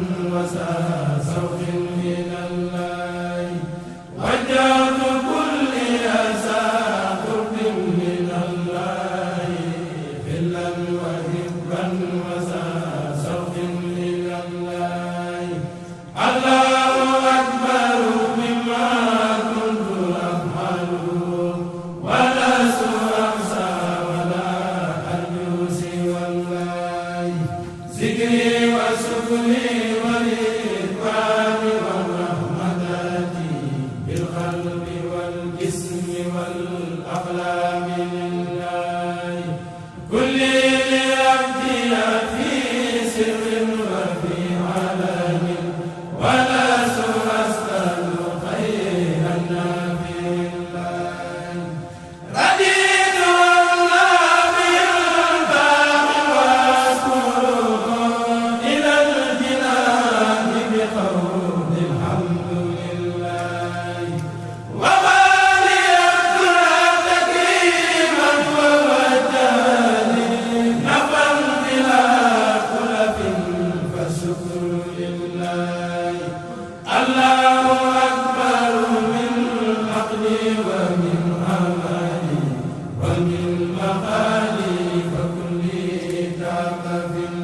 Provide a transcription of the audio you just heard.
وساء سوق ذكري وسكني ولي fi